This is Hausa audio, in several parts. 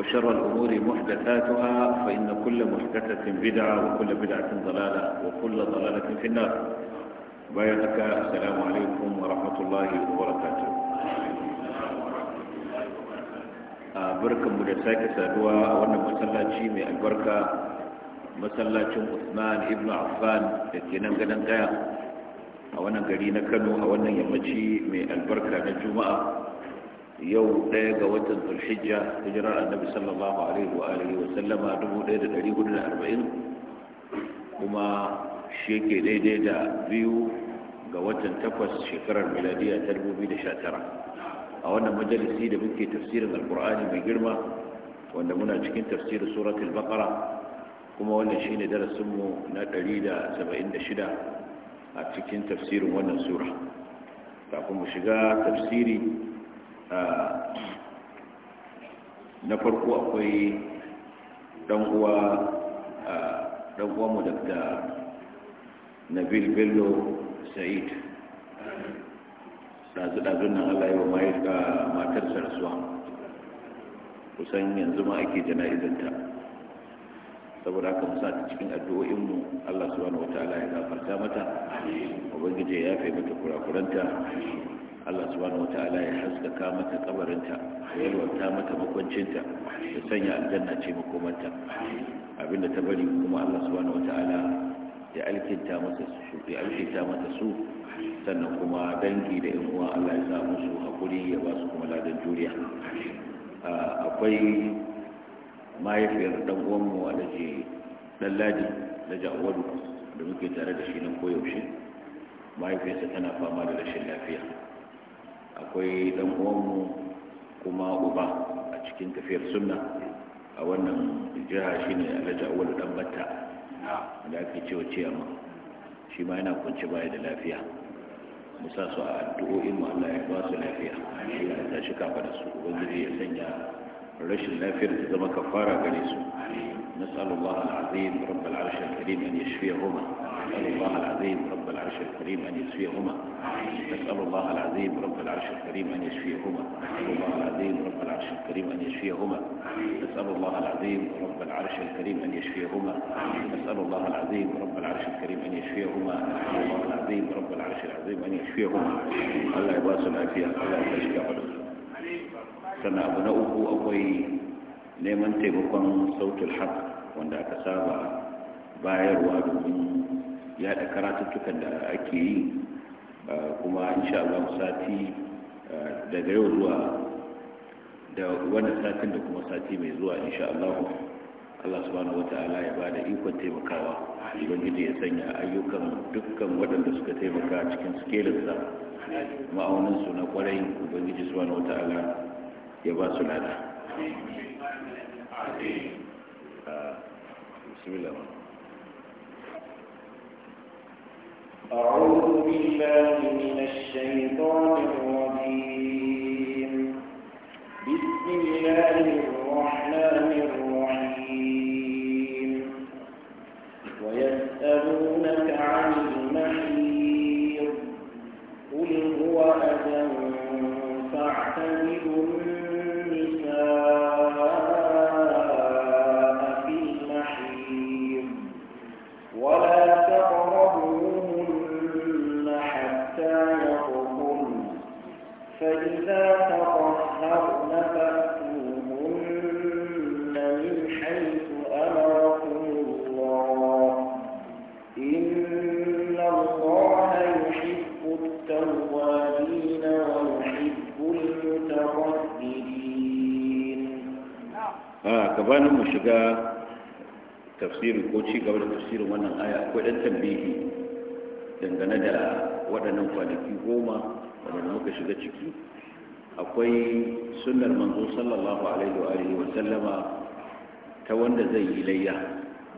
وشر الأمور محدثاتها فإن كل محدثة بدعة وكل بدعة ضلالة وكل ضلالة في النار بيانك السلام عليكم ورحمة الله وبركاته آه، بركة مجساكة سادوة وانا مسلاة شيمي البركة مسلاة عثمان ابن عفان لكي ننقل ننقل a wannan gari na kano a wannan yammaci mai yau ɗaya ga watan zulhijja hijirar annabi sallallahu alaihi wa alihi wa sallama 1440 kuma shi ke daidai da biyu ga watan takwas shekarar miladiya ta 2019 a wannan majalisi da muke tafsirin alkur'ani mai girma wanda muna cikin tafsirin suratul baqara kuma wannan shine darasinmu na 176 a cikin tafsirin wannan sura kafin mu shiga tafsiri na farko akwai ɗan'uwa mu da nabil bello sa'id ɗazu-ɗazun nan allah yi wa matar sarsuwa kusan yanzu ma ake jana'izanta saboda haka sa ta cikin addu'o'inmu allah subhanahu wa ya gafarta mata ubangiji ya yafe mata kurakuranta Allah subhanahu wataala ya haskaka mata kabarinta ya yalwata mata makwancinta Ya sanya aljanna ce makomanta abinda ta bari kuma Allah subhanahu wataala ya alkinta mata su ya alkinta mata su sannan kuma dangi da yan uwa Allah ya sa musu hakuri ya ba su kuma ladan juriya akwai mahaifiyar dan uwanmu alhaji dan ladi da jawadu da muke tare da shi nan koyaushe mahaifiyarsa tana fama da rashin lafiya akwai dan uwanmu kuma uba a cikin tafiyar sunna a wannan jiha shine alhaji awwal dan batta da ake cewa ciyama shi ma yana kunce baya da lafiya mu sa su a addu'o'in mu Allah ya ba su lafiya Shi ya tashi kafa da su ubangiji ya sanya rashin lafiyar ta zama kafara gare su nasallallahu alazim rabbul arshil karim an yashfiyahuma نسأل الله العظيم رب العرش الكريم أن يشفيهما نسأل الله العظيم رب العرش الكريم أن يشفيهما نسأل الله العظيم رب العرش الكريم أن يشفيهما نسأل الله العظيم رب العرش الكريم أن يشفيهما نسأل الله العظيم رب العرش الكريم أن يشفيهما نسأل الله العظيم رب العرش العظيم أن يشفيهما الله يبارك العافية الله تشفي sannan abu na uku akwai neman taimakon sautul haq wanda bayarwa domin yaɗa karatuttukan da ake yi kuma insha Allah sati daga yau zuwa da wannan satin da kuma sati mai zuwa insha Allah Allah subhanahu wata'ala ya ba da ikon taimakawa ubangiji ya sanya ayyukan dukkan waɗanda suka taimaka cikin skelinsa ma'auninsu na kwarai ubangiji subhanahu wata'ala ya ba su lada bismillah أعوذ بالله من الشيطان الرجيم بسم الله الرحمن الرحيم ويسألونك عن المحيط قل هو أذى فاعتذروا gabanin mu shiga tafsirin ko ci gaba da tafsirin wannan aya akwai ɗan tambihi dangane da waɗannan kwanaki goma waɗanda muka shiga ciki akwai sunnar manzo sallallahu alaihi wa sallama ta wanda zai yi layya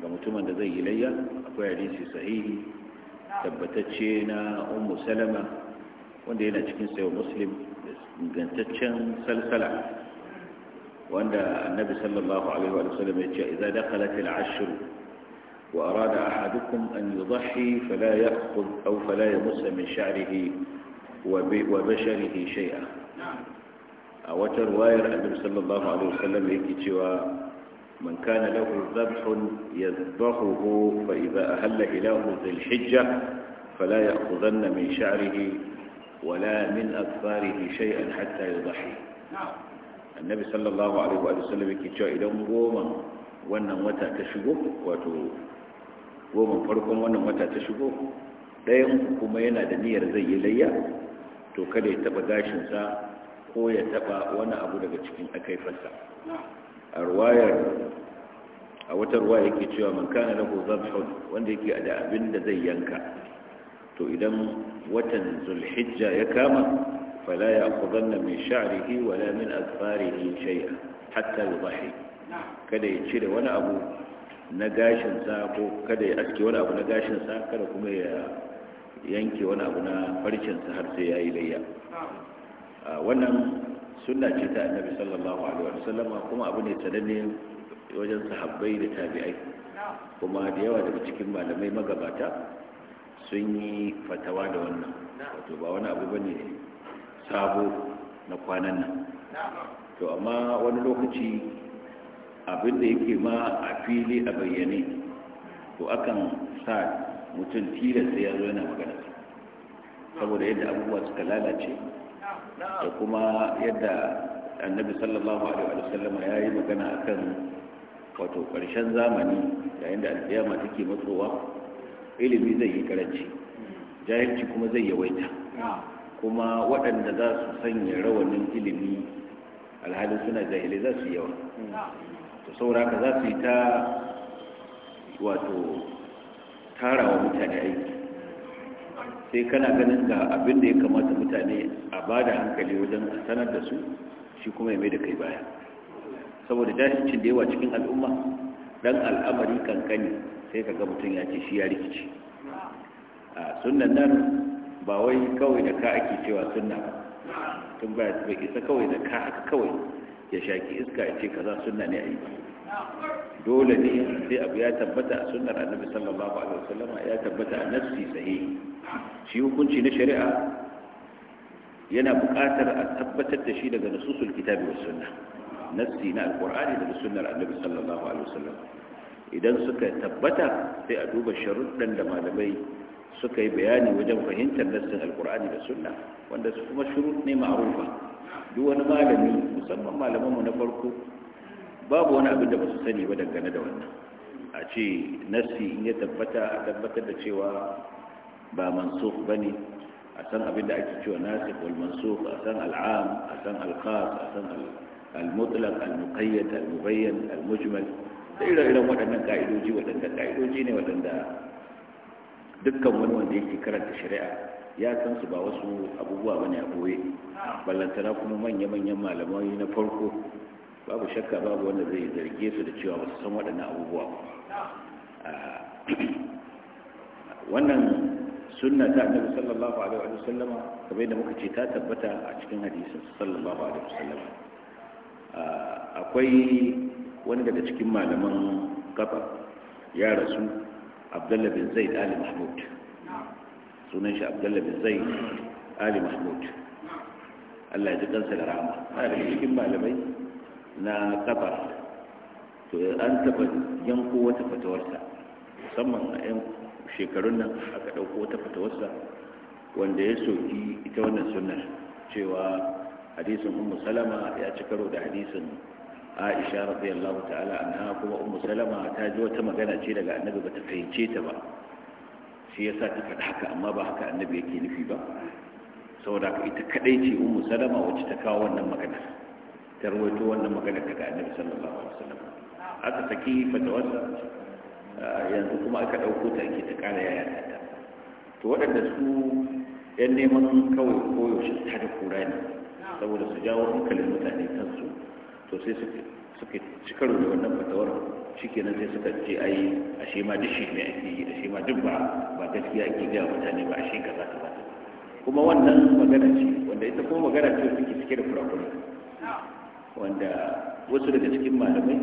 ga mutumin da zai yi layya akwai hadisi sahihi tabbatacce na ummu salama wanda yana cikin sayo muslim da ingantaccen salsala وأن النبي صلى الله عليه وسلم يقول إذا دخلت العشر وأراد أحدكم أن يضحي فلا يأخذ أو فلا يمس من شعره وبشره شيئا أو ترواية النبي صلى الله عليه وسلم يكتوى من كان له ذبح يذبحه فإذا أهل إله ذي الحجة فلا يأخذن من شعره ولا من أكفاره شيئا حتى يضحي نعم. annabi sallallahu alaihi wa sallam yake cewa idan goma wannan wata ta shigo wato goma farkon wannan wata ta shigo ɗayan kuma yana da niyyar zai yi layya to kada ya taɓa gashinsa ko ya taɓa wani abu daga cikin akaifarsa a ruwayar a wata ruwa yake cewa man kana lahu zabhun wanda yake da abin da zai yanka to idan watan zulhijja ya kama فلا يأخذن من شعره ولا من أذفاره شيئا حتى يضحي kada ya cire wani abu na gashinsa ko kada ya aske wani abu na gashinsa kada kuma ya yanke wani abu na farcinsa har sai ya yi layya wannan sunna ce ta annabi sallallahu alaihi kuma abu ne wajen da tabi'ai kuma da yawa daga cikin malamai magabata sun yi fatawa da wannan wato ba wani abu ne. sabo na kwanan nan to amma wani lokaci abin da yake ma a fili a bayyane to akan sa mutum tilasta ya zo yana magana saboda yadda abubuwa suka lalace da kuma yadda annabi sallallahu alaihi wa ya yi magana akan wato ƙarshen zamani yayin da alƙiyama take matsowa ilimi zai yi karanci jahilci kuma zai yawaita kuma waɗanda za su sanya rawanin ilimi alhalin suna jahili za su yawa to saura ka za su yi ta wato tarawa wa mutane aiki sai kana ganin ga abin da ya kamata mutane a ba da hankali wajen a sanar da su shi kuma ya mai da kai baya saboda dashicin da yawa cikin al'umma don al'amari kankani sai ka ga mutum ya ce shi ya rikici a sunan nan ba wai kawai da ka ake cewa sunna tun ba bai isa kawai da ka haka kawai ya shaki iska ya ce kaza sunna ne a yi dole ne sai abu ya tabbata a sunnar annabi sallallahu alaihi wasallam ya tabbata a nafsi sahi shi hukunci na shari'a yana buƙatar a tabbatar da shi daga nasusul kitabi was sunna nafsi na alqur'ani daga sunnar annabi sallallahu alaihi wasallam idan suka tabbata sai a duba sharuɗan da malamai suka yi bayani wajen fahimtar nassin alkur'ani da sunna wanda su kuma shurut ne ma'rufa duk wani malami musamman malamanmu na farko babu wani abin da ba su sani ba dangane da wannan a ce nassi in ya tabbata a tabbatar da cewa ba ba ne. a san abin da ake cewa nasikh wal mansukh a san al'am a san al a san al-mutlaq al-muqayyad al-mubayyan al-mujmal da ire-iren waɗannan ka'idoji waɗanda ka'idoji ne waɗanda dukkan wani wanda yake karanta shari'a ya san su ba wasu abubuwa bane a boye ballantana kuma manya-manyan malamai na farko babu shakka babu wanda zai zarge su da cewa wasu san waɗannan abubuwa ah, wannan sunna ta annabi sallallahu alaihi wa sallama kamar yadda muka ce ta tabbata a cikin hadisin sallallahu alaihi wa sallam ah, akwai wani daga cikin malaman kafa ya rasu abdullah bin zaid ali mahmud sunan shi abdullah bin zaid ali mahmud Allah ya ji kansa da rahama a da cikin malamai na kabar to an taba yanko wata fatawarsa musamman a yan shekarun nan aka ɗauko wata fatawarsa wanda ya soki ita wannan sunnar cewa hadisin ummu salama ya ci karo da hadisin aisha radiyallahu ta'ala anha kuma ummu salama ta ji wata magana ce daga annabi bata fahimce ta ba shi yasa ta faɗa haka amma ba haka annabi yake nufi ba saboda ka ita kadai ce ummu salama wacce ta kawo wannan magana ta rawaito wannan magana daga annabi sallallahu alaihi wasallam aka saki fatawarsa yanzu kuma aka ɗauko ta ake ta ƙara yaya ta to waɗanda su yan neman kawai koyaushe ta da kura ne saboda su jawo hankalin mutane kansu to sai suka ci da wannan fatawar shikenan sai suka ce ai shi ma duk shi ne ake yi shi ma duk ba ba gaskiya ake gaya mutane ba a shi kaza kaza kuma wannan magana ce wanda ita kuma magana ce suke cike da kurakuri wanda wasu daga cikin malamai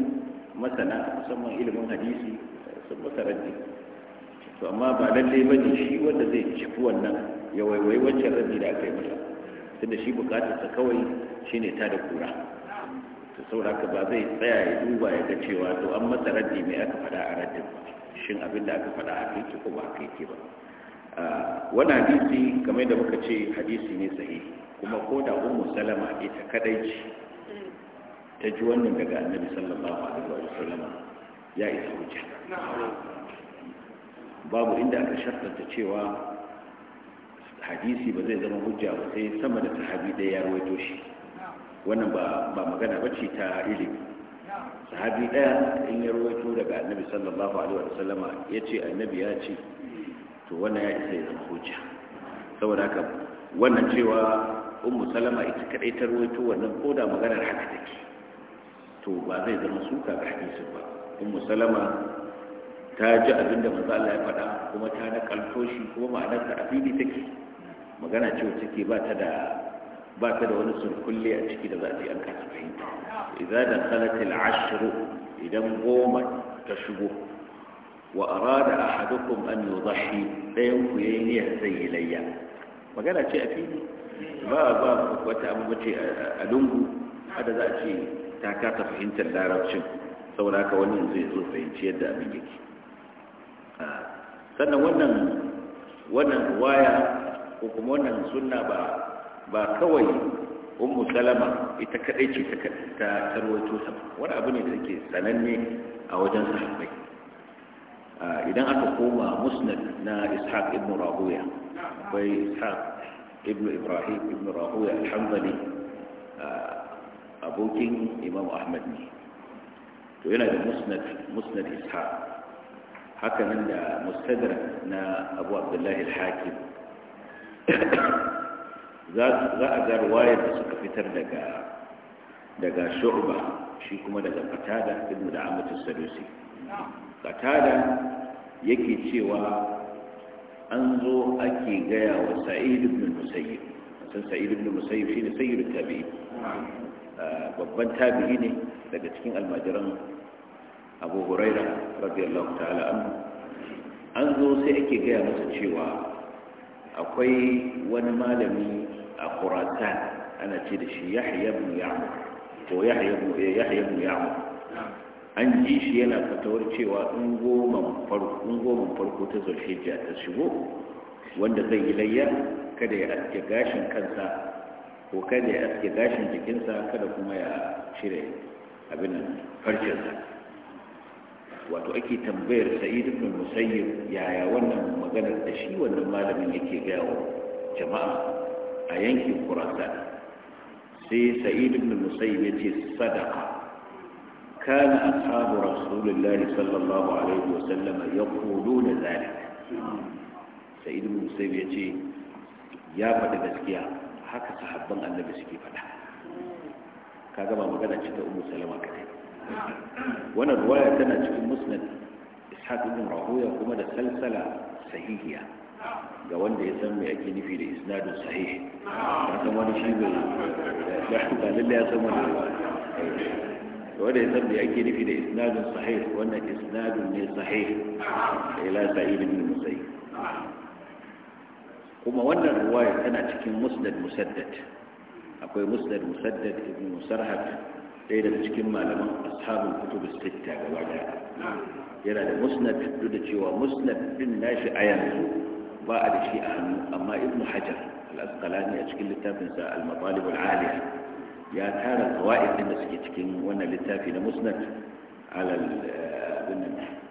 masana musamman ilimin hadisi sun masa raddi to amma ba lallai ba ne shi wanda zai cifi wannan ya waiwai wancan raddi da aka yi mata tunda shi bukatarsa kawai shine ta da kura da sauraka ba zai tsaya ya duba ya ga cewa to an masa raddi mai aka fada a raddin shin abin da aka fada a kai ko ba kai ki ba wani hadisi kamar da muka ce hadisi ne sahi kuma ko da ummu salama ita kadai ce ta ji wannan daga annabi sallallahu alaihi wa ya isa hujja babu inda aka shartanta cewa hadisi ba zai zama hujja ba sai sama da sahabi ɗaya ya rawaito shi wannan ba magana ba ce ta ilimi sahabi ɗaya in ya rawaito daga annabi sallallahu alaihi wa sallama ya ce annabi ya ce to wannan ya isa ya zama hujja saboda haka wannan cewa ummu salama ita kadai ta rawaito wannan ko da maganar haka take to ba zai zama suka ga hadisin ba ummu salama ta ji abin da manzo Allah ya faɗa kuma ta nakalto shi kuma ma'anar ta a fili take magana cewa take ba ta da ba ta da wani sulkulle a ciki da za a yi an kasa fahimta idan da kalatil ashiru idan goma ta shigo wa arada ahadukum an zafi ɗayan ku yayi niyyar zai layya. magana ce a fili ba ba wata abu ce a lungu hada za a ce ta kasa fahimtar larabcin saboda haka wani zai ya zo fahimci yadda abin yake sannan wannan wannan waya ko kuma wannan sunna ba ba kawai ummu salama ita kadai ce ta tarwato ta wani abu ne da take sananne a wajen sahabbai idan aka koma musnad na ishaq ibn rahuya akwai ishaq ibn ibrahim ibn rahuya alhamdali abokin imam ahmad ne to yana da musnad musnad ishaq haka nan da mustadrak na abu abdullahi al-hakim za a ga ruwayar da suka fitar daga daga shu'ba shi kuma daga Fatada, ibn da amince sadusi qatada yake cewa an zo ake gaya wa sa'id ibn musayyib san sa'id ibn musayyib ne sayyid tabi'i ah, babban tabi'i ne daga cikin almajiran abu huraira radiyallahu ta'ala an an zo sai ake gaya masa cewa akwai wani malami a khurasan ana ce da shi yahya ibn ya'mur ko yahya eh, yahya an ji shi yana fatawar cewa in goma farko in goma farko ta zulhijja ta shigo wanda zai yi layya kada ya aske gashin kansa ko kada ya aske gashin jikinsa kada kuma ya cire abin farcinsa wato ake tambayar sa'id ibn musayyib yaya wannan maganar da shi wannan malamin yake gaya wa jama'a a yankin khurasan sai sa'id ibn musayyib yace sadaqa kana ashabu rasulillahi sallallahu alaihi wa sallama yaquluna dhalik sa'id ibn musayyib yace ya faɗi gaskiya haka sahabban annabi suke faɗa kaga ba magana ce ta ummu salama kadai wannan ruwaya tana cikin musnad ishaq ibn rahuya kuma da salsala sahihiya ga wanda ya san mai ake nufi da isnadun sahih ba san wani shi bai ba lalle ya san wani ga wanda ya san mai ake nufi da isnadun sahih wannan isnadun ne sahih ila sa'id ibn musayyib kuma wannan ruwaya tana cikin musnad musaddad akwai musnad musaddad ibn musarhad ɗaya daga cikin malaman ashabul kutub sitta gaba daya yana da musnad duk da cewa musnad din nashi a yanzu ba a da shi a hannu amma ibnu hajar al-asqalani a cikin littafinsa al-matalib al ya tara qawaid din da suke cikin wannan littafi na musnad ala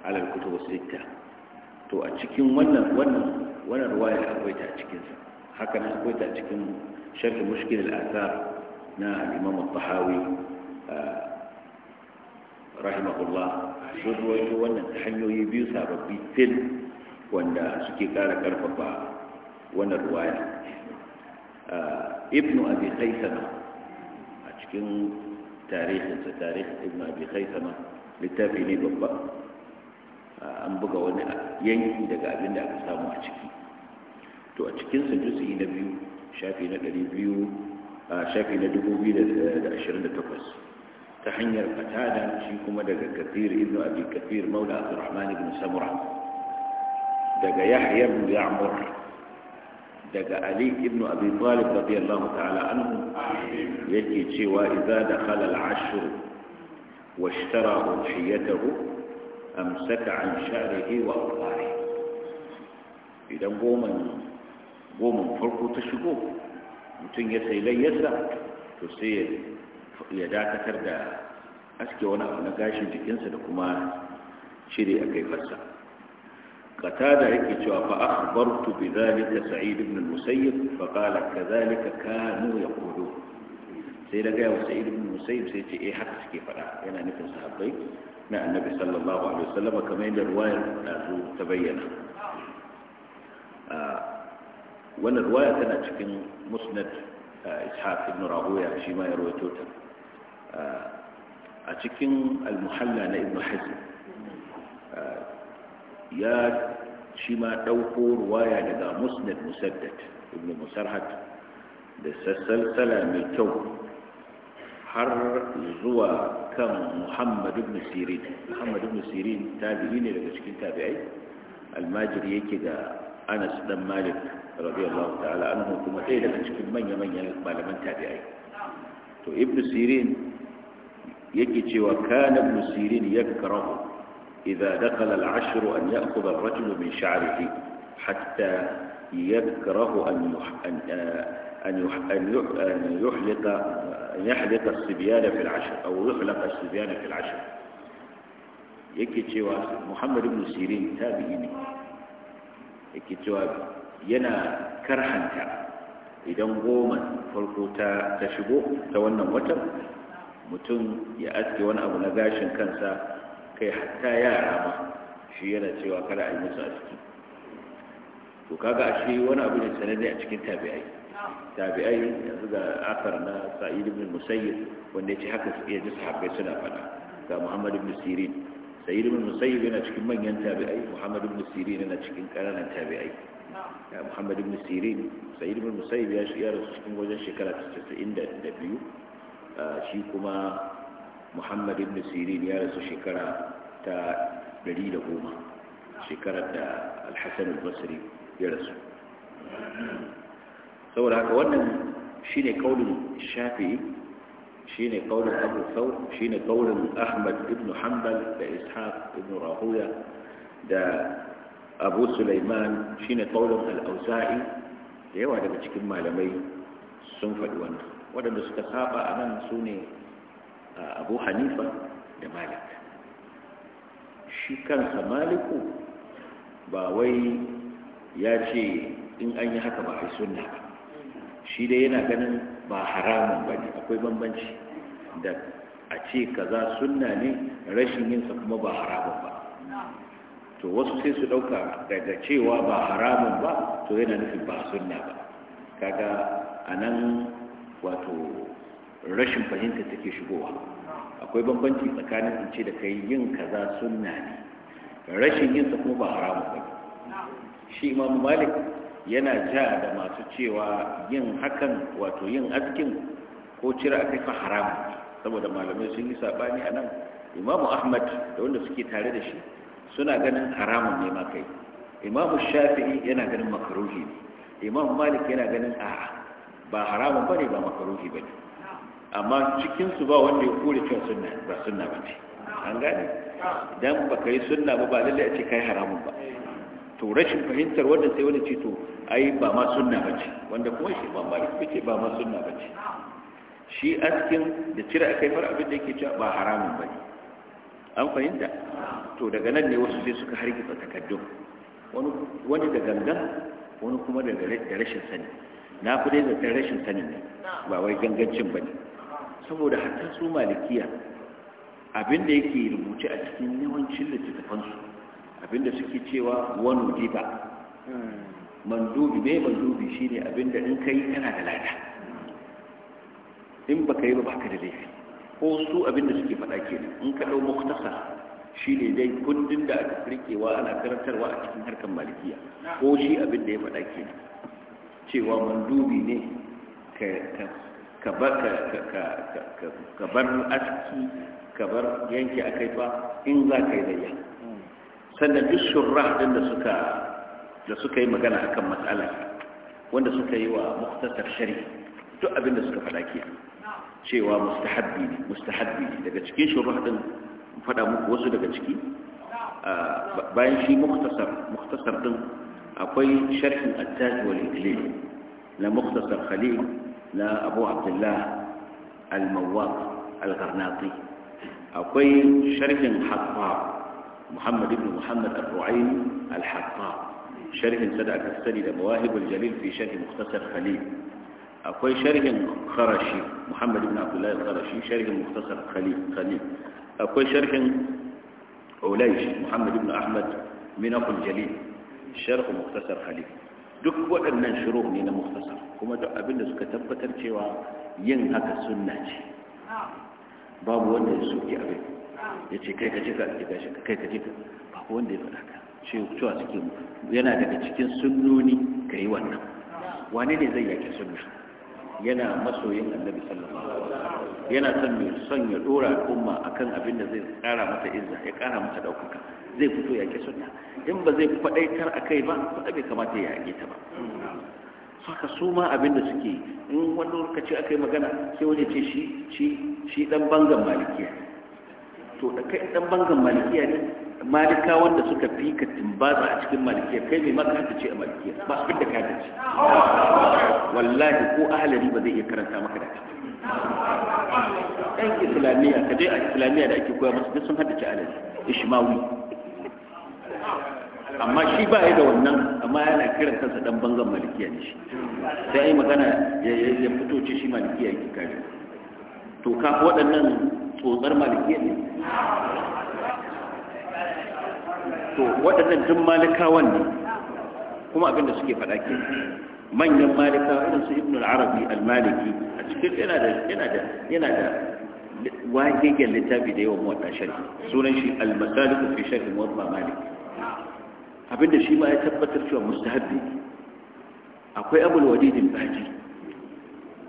ala al-kutub as to a cikin wannan wannan wannan riwaya akwai ta cikin sa haka nan akwai ta cikin sharh mushkil al-athar na al-imam al-tahawi rahimahullah sun ruwaito wannan hanyoyi biyu sababbi fil wanda suke ƙara ƙarfafa wannan ruwaya ah, ibnu abi khaisama a cikin tarihinsa tarihin ibnu abi khaisama littafi ne babba ah, an buga wani yanki daga abin da aka samu a ciki to a cikinsa yi na biyu shafi na ɗari biyu ah, shafi na dubu biyu da ashirin da takwas ta hanyar fatada shi kuma daga kafir ibn abi kafir maula abdurrahman ibn samura دجا يحيى بن يعمر دجا علي بن ابي طالب رضي الله تعالى عنه يجي سوى اذا دخل العشر واشترى اضحيته امسك عن شعره واقطاعه اذا قوم قوم فرقوا تشكو متن يسال يسال تصير يداك تردى اسكي وانا اقول لك عشان تكنسل كما شيري اكيفاسك قتادة يكتشوا فأخبرت بذلك سعيد بن المسيب فقال كذلك كانوا يقولون سيدا جاء سعيد بن المسيب سيدي إيه حق سكي فلا يعني إيه نفس صحابي مع نعم، النبي صلى الله عليه وسلم كما إن الرواية تبين آه، وأن الرواية كانت في مسند آه، إسحاق بن راهوية فيما يروي توتا آه، أتكن المحلى ابن حزم ya shi ma ɗauko ruwaya daga musnad musaddad ibn musarhat da sassalsala mai kyau har zuwa kan muhammad ibn sirin muhammad ibn sirin tabi'i ne daga cikin tabi'ai almajiri yake ga anas dan malik radiyallahu ta'ala anhu kuma ɗaya daga cikin manya-manyan malaman tabi'ai to ibn sirin yake cewa kana ibn sirin yakrahu إذا دخل العشر أن يأخذ الرجل من شعره حتى يكره أن أن آه، أن أن يحلق أن يحلق الصبيان في العشر أو يحلق الصبيان في العشر. يكتشوا محمد بن سيرين تابعين يكتشوا ينا كرحنتا idan إذا نقوم ta ta shigo ta wannan watan mutum ya aske كان سا kai hatta yara ma shi yana cewa kada a yi musu a ciki to kaga shi wani abu ne sanadi a cikin tabi'ai tabi'ai yanzu ga akar na sa'id ibn musayyib wanda ya ce haka su iya ji sahabbai suna faɗa ga muhammad ibn sirin sa'id ibn musayyib yana cikin manyan tabi'ai muhammad ibn sirin yana cikin ƙananan tabi'ai ya muhammad ibn sirin sa'id ibn musayyib ya shi rasu cikin wajen shekara 92 shi kuma محمد بن سيرين يا رسول شكرا تا دليل هما شكرا تا الحسن البصري يا رسول ثور هكا وانا شيني قول الشافعي شيني قول أبو ثور شيني قول أحمد بن حنبل دا إسحاق بن راهوية دا أبو سليمان شيني قول الأوزاعي يا واحد من لمي سنفد وانا وانا نسكسابا أنا سوني abu hanifa da malik shi kansa maliku ba wai ya ce in an yi haka ba a yi sunna ba shi dai yana ganin ba haramun ba ne akwai bambanci da a ce kaza suna ne rashin yinsa kuma ba haramun ba to wasu sai su ɗauka daga cewa ba haramun ba to yana nufin ba suna ba kaga a nan wato rashin fahimta take shigowa akwai bambanci tsakanin in ce da kai yin kaza sunna ne rashin yin sa kuma ba haramu ba shi imam malik yana ja da masu cewa yin hakan wato yin askin ko cire akai fa haramu saboda malamai sun yi sabani anan nan ahmad da wanda suke tare da shi suna ganin haramun ne ma kai imam shafi'i yana ganin makruhi ne Imam malik yana ganin a'a ba haramun bane ba makruhi bane amma cikin su ba wanda ya kore cewa sunna ba sunna ba ne an gane idan ba ka yi sunna ba ba lalle a ce kai haramun ba to rashin fahimtar wanda sai wani ce to ai ba ma sunna ba ce wanda kuma shi ba malik ba ce ba ma sunna ba ce shi askin da cire a kai fara abin da yake cewa ba haramun ba ne an fahimta to daga nan ne wasu sai suka hargitsa takaddun wani da gangan wani kuma da rashin sani na fi dai da rashin sani ne ba wai gangancin ba ne saboda hatta su malikiya abinda yake rubuce a cikin yawancin littattafansu abinda suke cewa wani riba mandubi mai mandubi shi ne abinda in kai kana da lada in ba ka yi ba baka da laifi ko su abinda suke faɗa ke in ka dau muktasar shi ne dai kundin da aka rikewa ana karantarwa a cikin harkar malikiya ko shi abin da ya faɗa ke cewa mandubi ne ka bar aski ka bar yanki a kai fa in za ka yi layya sannan duk shurra din da suka yi magana akan matsala wanda suka yi wa muktasar shari duk abinda suka faɗa ke cewa mustahabbi ne mustahabbi ne daga cikin shurra din faɗa muku wasu daga ciki bayan shi muktasar muktasar din akwai sharhin at-taj wal na muktasar khalil na abu abdullah al-mawwaq al-garnati akwai sharhin hatta muhammad ibn muhammad al-ru'ayn al-hatta sharhin sada aka sani da mawahibul jalil fi sharhi mukhtasar khalil akwai sharhin kharashi muhammad ibn abdullah al-kharashi sharhin mukhtasar khalil khalil akwai sharhin أوليش محمد بن أحمد من أبو الجليل شرح مختصر خليفة دك وأن شروع من مختصر kuma duk abin da suka tabbatar cewa yin haka sunna ce babu wanda ya suke abin ya ce kai ka ce ka ɗiga shi kai ka ce ka babu wanda ya faɗa ka ce cewa suke yana daga cikin sunnoni ka yi wannan wane ne zai yake sunna yana masoyin annabi sallama yana son mai son ya dora al'umma kan abin da zai kara mata izza ya kara mata daukaka zai fito yake sunna in ba zai faɗaitar kai ba ba bai kamata ya yake ta ba haka su ma abin da suke in wani lokaci aka yi magana sai wani ce shi shi shi dan bangan malikiya to da kai dan bangan malikiya ne malika wanda suka fi ka timbaza a cikin malikiya kai mai maka ta ce a malikiya ba su da ka ce wallahi ko ahalari ba zai iya karanta maka da ɗan islamiyya ka je a islamiyya da ake koya masu duk sun haddace alali ishmawi amma shi ba ya da wannan amma yana kiran kansa dan banzan malikiya ne shi sai ai magana ya fito ce shi malikiya yake kare to ka waɗannan tsotsar malikiya ne to waɗannan duk malikawan ne kuma abin da suke faɗa ke manyan malika irin su ibnu al-arabi al-maliki a cikin yana da yana da yana da wajegen littafi da yawan wata sharhi sunan shi al-masalik fi sharh muwatta malik abinda shi ma ya tabbatar cewa mustahabbi akwai abul walidin baji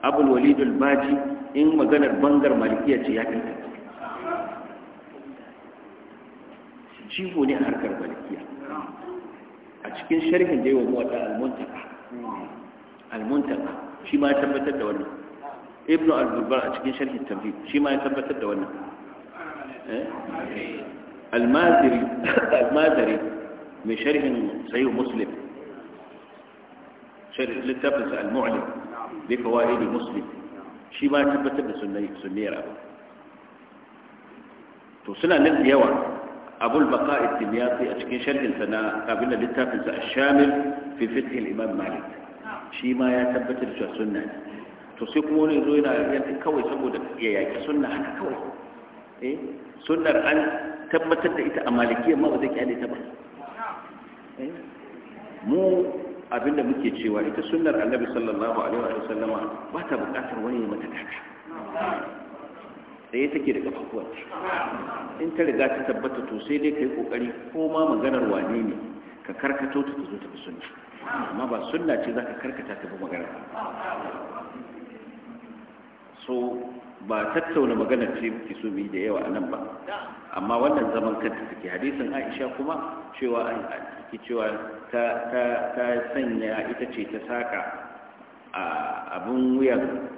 abul walidin baji in maganar bangar malikiya ce ya kanta jigo ne a harkar malikiya a cikin sharhin da yi wa muwata almuntaka almuntaka shi ma ya tabbatar da wannan ibnu al-zubar a cikin sharhin tamhid shi ma ya tabbatar da wannan eh? al-maziri al-maziri من شرح صحيح مسلم شرح للتفلس المعلم لفوائد مسلم شيء ما تبت بسنية سنية رابع توصلنا للديوة أبو البقاء الدمياطي أشكين شرح الفناء قابلنا للتفلس الشامل في فتح الإمام مالك شيء ما يتبت بسنة تسيقون الزوينة يعني كوي سبودة يا يا كسنة حتى كوي إيه؟ سنة أن تبت إذا أمالكية ما أدك يعني تبت mu abinda muke cewa ita sunnar annabi sallallahu alaihi wa sallama ba ta bukatar wani mata taka sai take da kafafuwarta in ta riga ta tabbata to sai dai kai kokari ko ma maganar wane ne ka karkato ta zo ta bi sunna amma ba sunna ce zaka karkata ta bi magana so ba tattauna magana ce muke so mu yi da yawa nan ba amma wannan zaman kanta take hadisin Aisha kuma cewa an ki cewa ta ta ta sanya ita ce ta saka a abun wuyan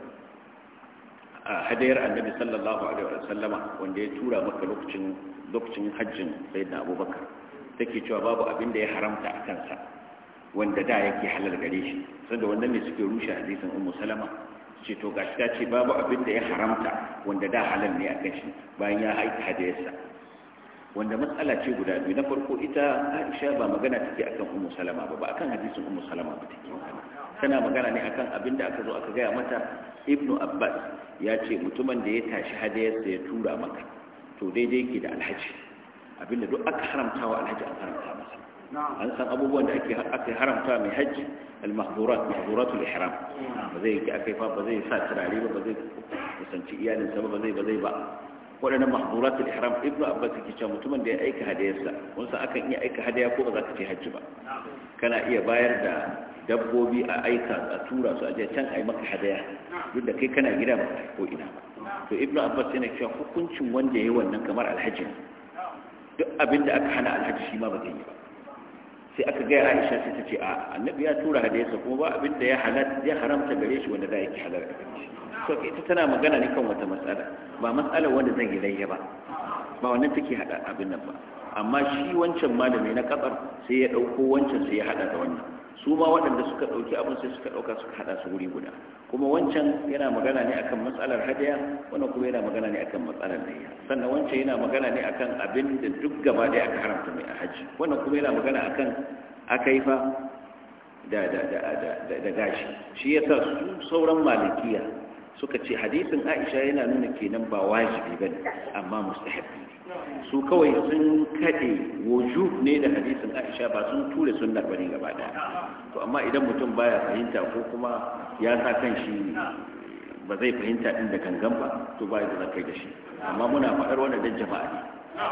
a hadayar annabi sallallahu alaihi wa sallama wanda ya tura maka lokacin lokacin hajjin sayyidina Abubakar take cewa babu abin da ya haramta a kansa wanda da yake halal gare shi sanda wannan ne suke rushe hadisin Ummu Salama ce to ga ta ce babu abin da ya haramta wanda da halal ne a kan bayan ya haika hadayarsa wanda matsala ce guda biyu na farko ita Aisha ba magana take akan Ummu Salama ba ba akan hadisin Ummu Salama ba take tana magana ne akan abin da aka zo aka gaya mata Ibn Abbas ya ce mutumin da ya tashi hadayarsa ya tura maka to daidai yake da alhaji abinda duk aka haramta wa alhaji an haramta masa an san abubuwan da ake aka haramta mai hajji al-mahdurat mahduratul ihram ba zai yi akai fa ba zai sa turare ba ba zai kusanci iyalin sa ba zai ba zai ba waɗannan mahduratul ihram ibnu abbas yake cewa mutumin da ya aika hadayarsa kun san akan iya aika hadaya ko ba za ka je hajji ba kana iya bayar da dabbobi a aika a tura su a je can a yi maka hadaya duk da kai kana gida ba ko ina ba to ibnu abbas yana cewa hukuncin wanda ya yi wannan kamar alhaji duk abinda aka hana alhaji shi ma ba zai yi ba sai aka gaya aisha sai ta ce a annabi ya tura hadisa kuma ba abin da ya halatta ya haramta gare shi wanda za a ki halal so ita tana magana ne kan wata matsala ba matsalar wanda zan yi layya ba ba wannan take hada abin nan ba amma shi wancan malami na kabar sai ya dauko wancan sai ya hada da wannan su ma waɗanda suka ɗauki abin sai suka ɗauka suka haɗa su wuri guda kuma wancan yana magana ne akan matsalar hadaya wannan kuma yana magana ne akan matsalar layya sannan wancan yana magana ne akan abin da duk gaba da aka haramta mai a haji wannan kuma yana magana akan akaifa da da da da da gashi shi yasa su sauran malikiya suka ce hadisin Aisha yana nuna kenan ba wajibi bane amma mustahabi su kawai sun kaɗe wuju ne da hadisin aisha ba sun tura sunna bane gaba daya to amma idan mutum baya fahimta ko kuma ya sa kan shi ba zai fahimta din da gangan ba to baya da zakai da shi amma muna faɗar wannan dan jama'a ne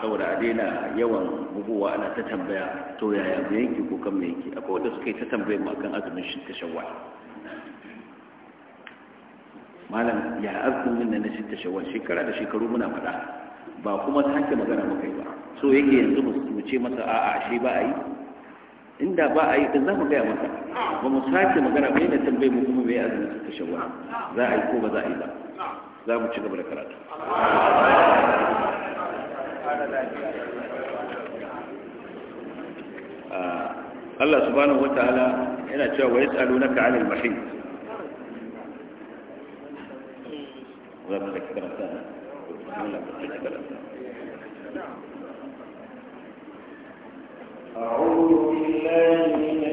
saboda a daina yawan bugowa ana ta tambaya to yaya mu yanki ko kan mu yanki akwai wanda suka yi ta tambayar mu akan azumin shi ta shawwal malam ya azumin na shi ta shawwal shekara da shekaru muna faɗa ba kuma ta hanke magana muka yi ba so yake yanzu mu ce masa a'a shi ba a yi inda ba a yi din za mu gaya masa ba mu sake magana ba yana tambaye mu kuma bai azumi su kashe shawara za a yi ko ba za a yi ba za mu ci gaba da karatu ah, Allah subhanahu wataala yana cewa wa yas'alunaka 'anil mahid za mu karanta أعوذ بالله من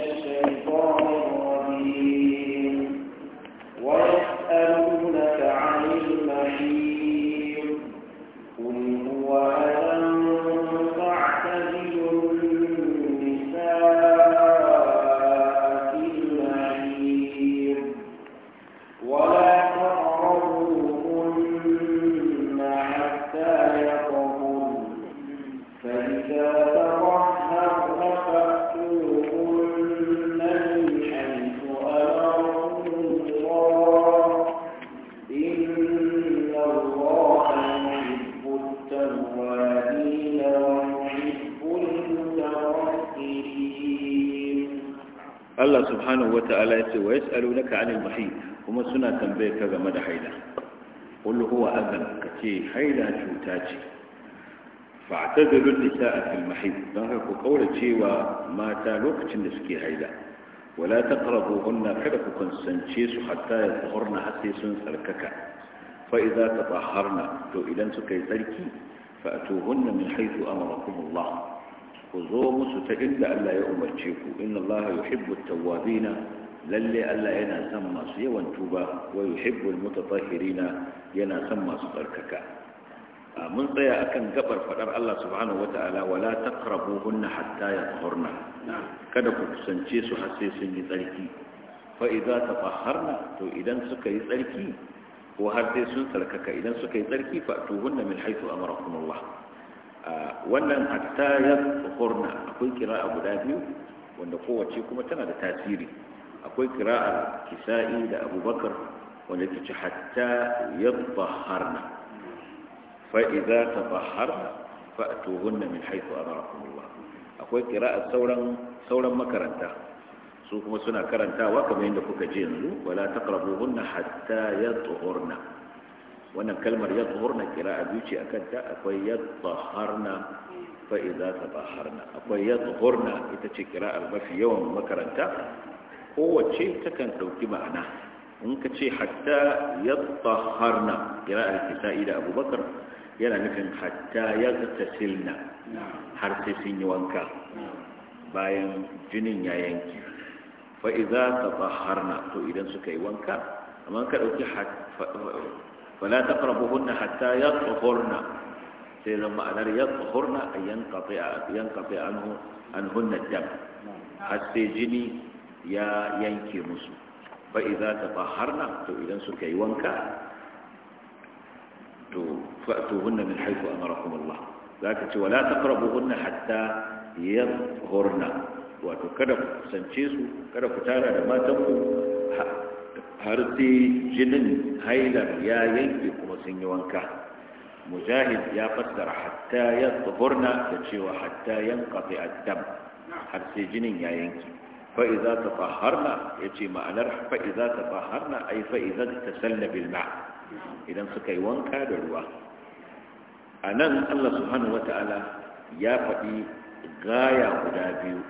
Allah subhanahu wa ta'ala ya ce wa yas'alunaka 'anil mahid kuma suna tambaye ka game da haida qul huwa adhan kace haida cuta ce da an a fil mahid dan haka ku kaura cewa mata lokacin da suke haida. wala hunna kada ku kansance su hatta yatahurna har sai sun tsarkaka fa idza tatahharna to idan suka yi tsarki fa atuhunna min haythu amarakum Allah ku zo musu ta inda Allah ya umarce ku inna Allah yuhibbu at-tawwabina lalle Allah yana son masu yawan tuba wa yuhibbu al-mutatahhirina yana son masu tsarkaka mun tsaya akan gabar fadar Allah subhanahu wata'ala wala taqrabuhunna hatta yatahharna kada ku kusance su har sai sun yi tsarki fa idza tatahharna to idan suka yi tsarki ko har sai sun tsarkaka idan suka yi tsarki fa tuhunna min haythu amarakumullah wannan hatta ya hurna akwai kira'a guda biyu wanda kowace kuma tana da tasiri akwai kira'a kisa'i da abubakar wanda ta ce hatta ya baharna fa'iza ta baharna hunna min haifu a marakunullah akwai kira'a sauran makaranta su kuma suna karantawa kamar yadda kuka ji yanzu wala ta hunna hatta ya tsohorna wannan kalmar ya tsohorna kira a zuci akwai ya tsoharna fa'iza ta tsoharna akwai ya tsohorna ita ce kira a mafi yawan makaranta kowace kan ɗauki ma'ana in ka ce hatta ya tsoharna kira a kisa'i da abubakar yana nufin hatta ya tasilna har sai sun yi wanka bayan jinin ya yanki fa'iza ta tsoharna to idan suka yi wanka amma ka ɗauki fala taqrabuhunna hatta yatahurna sai zan ma'anar yatahurna ay yanqati'a yanqati anhu anhunna dam har sai jini ya yanke musu fa idza tatahharna to idan suka yi wanka to fa'tuhunna min haythu amarakum Allah zaka ce wala taqrabuhunna hatta yatahurna wato kada ku su kada ku tara da matan ku har sai jinin hailar ya yanke kuma sun yi wanka mujahid ya fassara hatta ya tsohorna da cewa hatta yankafi addam har sai jinin ya yanke fa'iza ta faharna ya ce ma'anar fa'iza ta faharna ai fa'iza ta sallabil ma idan suka yi wanka da ruwa a nan allah subhanahu wata'ala ya faɗi gaya guda biyu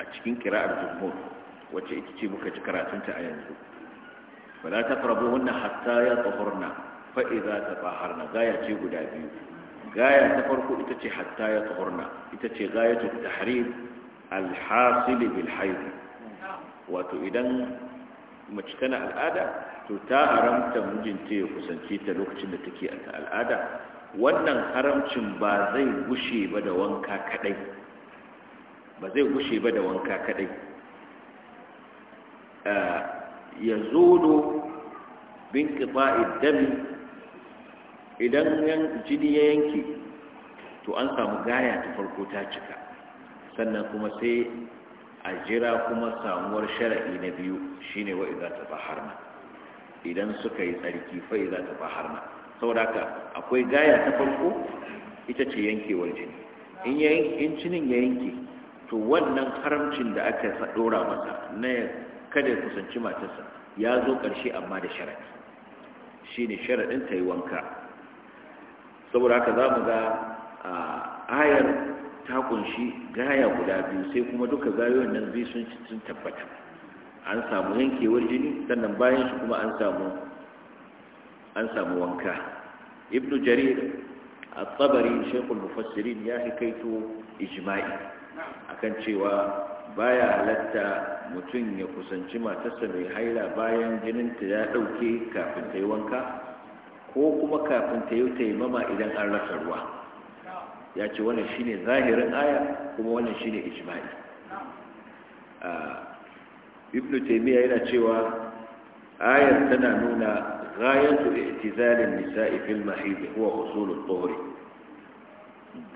a cikin kira'ar jumhur wacce ita ce muka ci karatunta a yanzu fala taqrabuhunna hatta yatahurna fa ta tatahharna gaya ce guda biyu gaya ta farko ita ce hatta yatahurna ita ce gayatul tahrim alhasil bil hayd wato idan mace tana al'ada to ta haramta mijinta ya kusance ta lokacin da take ta al'ada wannan haramcin ba zai gushe ba da wanka kaɗai ba zai gushe ba da wanka kadai ya zolo bin ƙifa idan jini ya yanke to an samu gaya ta farko ta cika sannan kuma sai a jira kuma samuwar shara'i na biyu shine wa ta idan suka yi tsarki fa iza ta saboda haka akwai gaya ta farko ita ce yankewar jini in cinin ya yanke to wannan haramcin da aka dora masa na kada ya kusanci matarsa ya zo ƙarshe amma da sharaɗi shi ne sharaɗin ta yi wanka saboda haka za mu ga a ayar ta kunshi gaya guda biyu sai kuma duka gayoyin nan zai sun tabbata an samu yankewar jini sannan bayan shi kuma an samu wanka Ibn jarir a tsabari shekul mufassirin ya hikaito ijma'i akan cewa baya halatta mutum ya kusanci matarsa mai haila bayan jininta ya ɗauke kafin ta yi wanka ko kuma kafin ta yi taimama idan an rasa ruwa ya ce wannan shine zahirin aya kuma wannan shine ijma'i ibn taymiya yana cewa ayar tana nuna ghayatu i'tizalin nisa'i fil mahid huwa usul at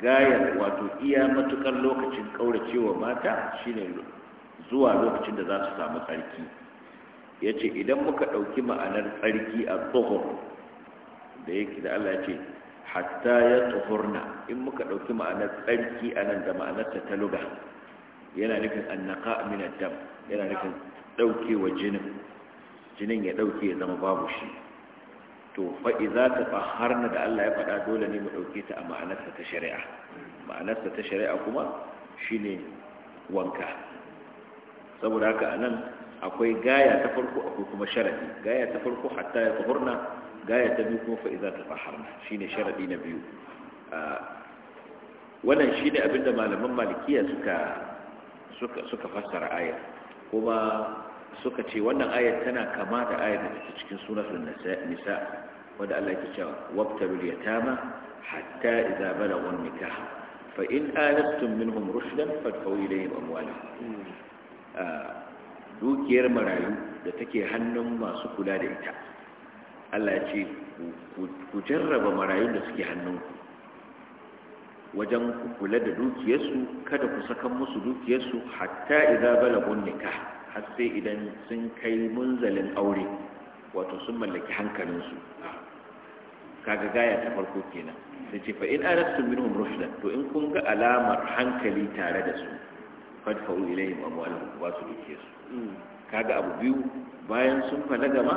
gayar wato iya matukar lokacin kauracewa mata shine zuwa lokacin da za su samu tsarki ya ce idan muka dauki ma'anar tsarki a tsohon da yake da Allah ce hatta ya tsohorna in muka dauki ma'anar tsarki a nan da ma'anar ta taluga yana nufin annaka aminar dam yana nufin daukewa jinin jinin ya dauke ya zama babu shi to fa'iza ta faharna da Allah ya faɗa dole ne mu ɗauke ta a ma'anarsa ta shari'a ma'anarsa ta shari'a kuma shine wanka saboda haka a nan akwai gaya ta farko akwai kuma sharadi gaya ta farko hatta ya fahurna gaya ta biyu kuma fa'iza ta faharna shine sharadi na biyu wannan shine abinda malaman malikiya suka suka suka fassara ayar kuma suka ce wannan ayat tana kama da ayat da take cikin suratul nisa wanda Allah yake cewa wabtarul yatama hatta idza balagha an-nikah fa in anastum minhum rushdan fadfa'u ilayhim amwalahum ah, dukiyar marayu da take hannun masu kula da ita Allah ya ce ku jarraba marayun da suke hannunku wajen kula da dukiyarsu kada ku saka musu dukiyarsu hatta idza balagun nikah har sai idan sun kai munzalin aure wato sun mallaki hankalinsu kaga gaya ta farko kenan da ce fa in arastu minhum rushda to in kun ga alamar hankali tare da su fadfa'u ilayhim amwalahum wa su duke su kaga abu biyu bayan sun falaga ma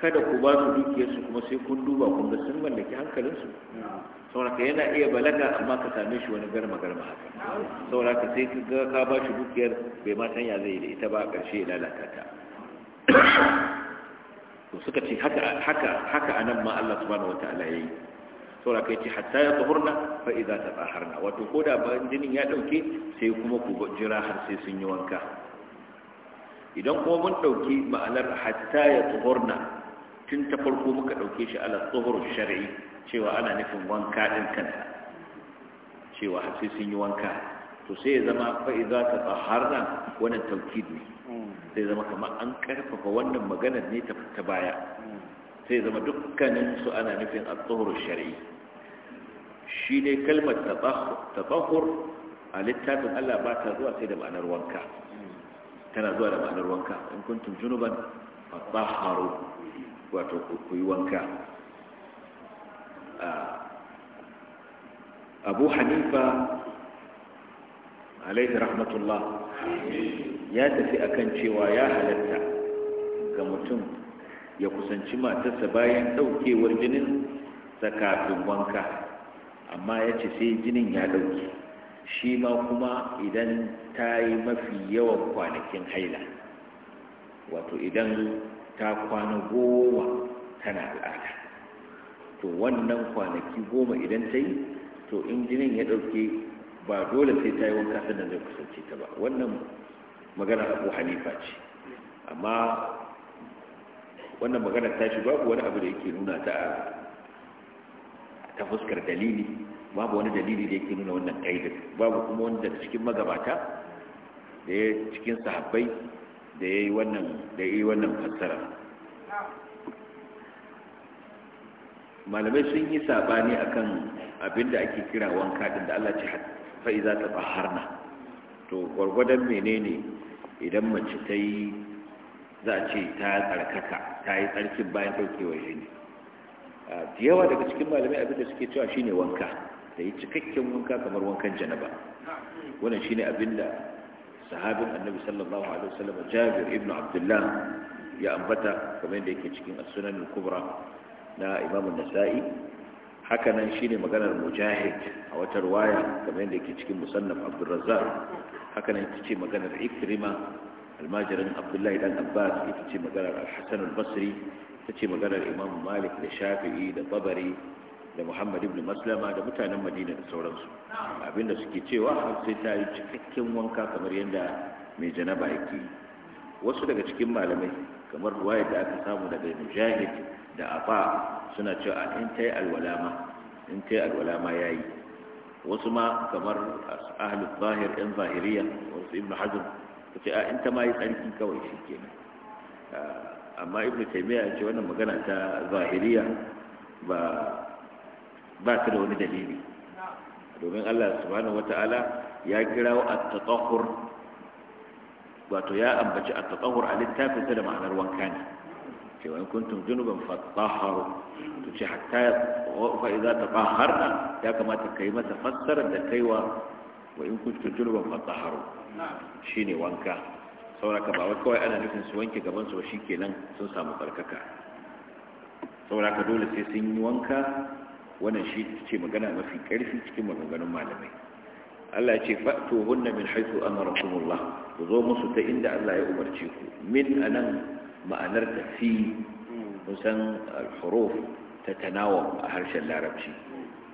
kada ku ba su duke su kuma sai kun duba kun ga sun mallaki hankalinsu sauraka yana iya balaga amma ka same shi wani garma garma haka sauraka sai ka ga ka ba shi dukiyar bai ma sanya zai da ita ba a ƙarshe ya lalata ta to suka ce haka haka haka anan ma Allah subhanahu wataala yayi sauraka ce hatta ya tahurna fa idza na, wato koda ba jinin ya dauke sai kuma ku jira har sai sun yi wanka idan kuma mun dauki ma'anar hatta ya tahurna tun ta farko muka dauke shi ala tsohor shar'i cewa ana nufin wanka ɗin kanta cewa sai sun yi wanka to sai ya zama fa'iza ta tsaharna wannan taukid ne sai zama kama an karfafa wannan maganar ne ta baya sai zama dukkanin su ana nufin a tsohon shari'i shi ne kalmar tafahur a littafin Allah ba ta zuwa sai da ma'anar wanka tana zuwa da ma'anar wanka in kuntum junuban fatsaharu wato ku yi wanka abu hanifa alaihi rahmatullah ya tafi akan cewa ya halatta ga mutum ya kusanci matarsa bayan ɗaukewar jinin kafin wanka amma ya ce sai jinin ya ɗauke shi ma kuma idan ta yi mafi yawan kwanakin haila wato idan ta kwana goma tana al'ada to wannan kwanaki goma idan ta yi to injinin ya ɗauke ba dole sai ta yi wanka sannan zai kusance ta ba wannan magana abu hanifa ce amma wannan magana ta shi babu wani abu da yake nuna ta ta fuskar dalili babu wani dalili da yake nuna wannan ka'idar, babu kuma wanda cikin magabata da ya cikin sahabbai da ya yi wannan fassara malamai sun yi sabani akan abinda ake kira wanka din da Allah ce fa iza tatahharna to gwargwadon menene idan mace ta yi za a ce ta tsarkaka ta yi tsarkin bayan daukewar jini da yawa daga cikin malamai abinda suke cewa shine wanka da yi cikakken wanka kamar wankan janaba wannan shine abinda sahabin annabi sallallahu alaihi wasallam jabir ibn abdullah ya ambata kamar yadda yake cikin as-sunan al-kubra na imamun nasa'i hakanan nan shine maganar mujahid a wata ruwaya kamar yadda yake cikin musannaf abdurrazzaq hakanan nan ita ce maganar ikrima almajirin abdullahi dan abbas ita ce maganar al-hasan al-basri ita ce maganar imam malik da shafi'i da tabari da muhammad ibn maslama da mutanen madina da sauransu abinda suke cewa har sai ta yi cikakken wanka kamar yadda mai janaba yake wasu daga cikin malamai kamar ruwaya da aka samu daga mujahid da afa suna cewa in ta yi alwalama ma in ta yi alwala ya yi wasu ma kamar ahalin zahir ɗan zahiriya wasu ibn hazm ta ce a in ta ma yi tsarki kawai shi kenan ah, amma ibn taymiya ce wannan magana ta zahiriya ba ba ta da wani dalili domin Allah subhanahu wata'ala ya kirawo at-tatahhur wato ya ambaci at a littafin da ma'anar wanka ne ce wa in kuntum junuban fatahharu to ce hatta fa idza tatahharna ya kamata kai masa fassarar da kaiwa wa in kuntum junuban fatahharu shine wanka sauraka ba wai kawai ana nufin su wanke gaban su ba shikenan sun samu tsarkaka sauraka dole sai sun yi wanka wannan shi ce magana mafi karfi cikin maganganun malamai Allah ce fa'tu hunna min haythu amarakumullah ku zo musu ta inda Allah ya umarce ku min anan ma'anar ta fi musan huruf ta tanawam a harshen larabci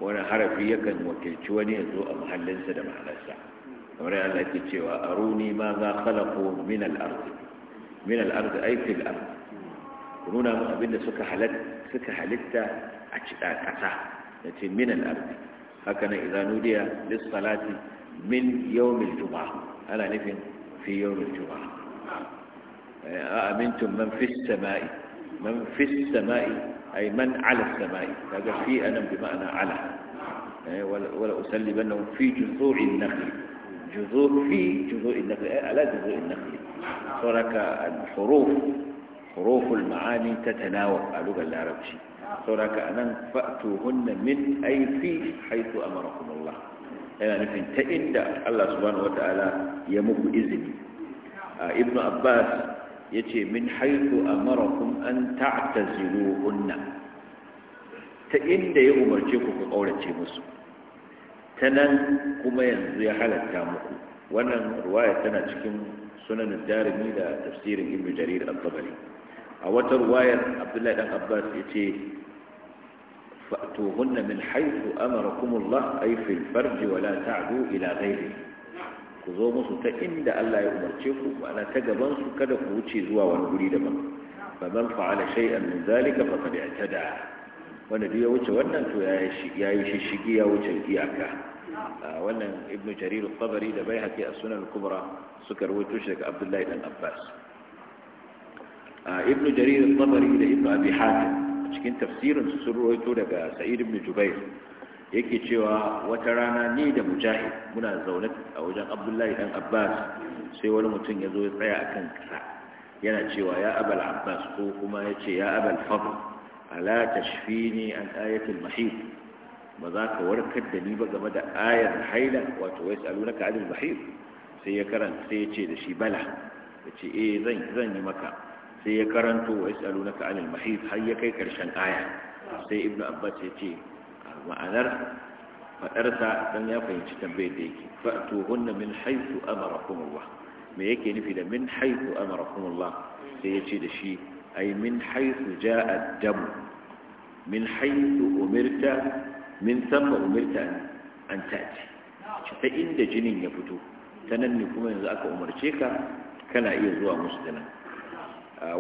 wani harafi yakan wakilci wani ya zo a mahallinsa da mahallarsa kamar yadda lafi cewa cewa aruni ma za khalaqu min al'arzi. min al'arzi ard ay fil ard nuna mu abinda suka suka halitta a cikin ƙasa yace min al'arzi. ard haka nan idan nudiya min yawm al-jum'ah ana nufin fi yawm al-jum'ah أأمنتم من في السماء من في السماء أي من على السماء هذا في أنا بمعنى على إيه، ولأسلبنهم في جذوع النخل جذوع في جذوع النخل إيه، على جذوع النخل صورك الحروف حروف المعاني تتناوب اللغة العربية صورك أنا فأتوهن من أي في حيث أمركم الله إيه، يعني في ta الله سبحانه وتعالى يمك إذن آه، ابن عباس yace min haythu amarakum an ta'taziluhunna ta inda ya umarce ku ku kaurace musu ta nan kuma yanzu ya halatta muku wannan ruwaya tana cikin sunan darimi da tafsirin ibn jarir al-tabari a wata ruwayar abdullahi dan abbas yace fa'tuhunna min haythu amarakum Allah ay fil farj wa la ta'du ila ghayrihi ku zo musu ta inda Allah ya umarce ku ma'ana ta gaban su kada ku wuce zuwa wani guri daban fa man fa'ala shay'an min zalika faqad i'tada wanda duk ya wuce wannan to ya yi shishigi ya wuce iyaka wannan ibnu jarir al-tabari da baihaqi a sunan al-kubra suka rawaito shi daga abdullahi dan abbas ibnu jarir al-tabari da ibnu abi hatim cikin tafsirin su sun rawaito daga sa'id ibn jubair yake cewa wata rana ni da mujahid muna zaune a wajen abdullahi dan abbas sai wani mutum ya zo ya tsaya a kan kasa yana cewa ya abal abbas ko kuma ya ce ya abal fadl ala tashfini an ayatul mahid ba za ka warkar da ni ba game da ayar haila wato wai salunaka adil mahid sai ya karanta sai ya ce da shi bala ya ce eh zan zan yi maka sai ya karanto wai salunaka anil mahid har ya kai karshen aya sai ibnu abbas ya ce ma'anar faɗarsa don ya fahimci tambayar da yake to hunna min haitu amarakumullah me yake nufi da min haitu amarakumullah sai ya ce da shi ai min haitu ja'a damu min haitu umirta min samma umirta an tace ta inda jinin ya fito ta nan ne kuma yanzu aka umarce ka kana iya zuwa musu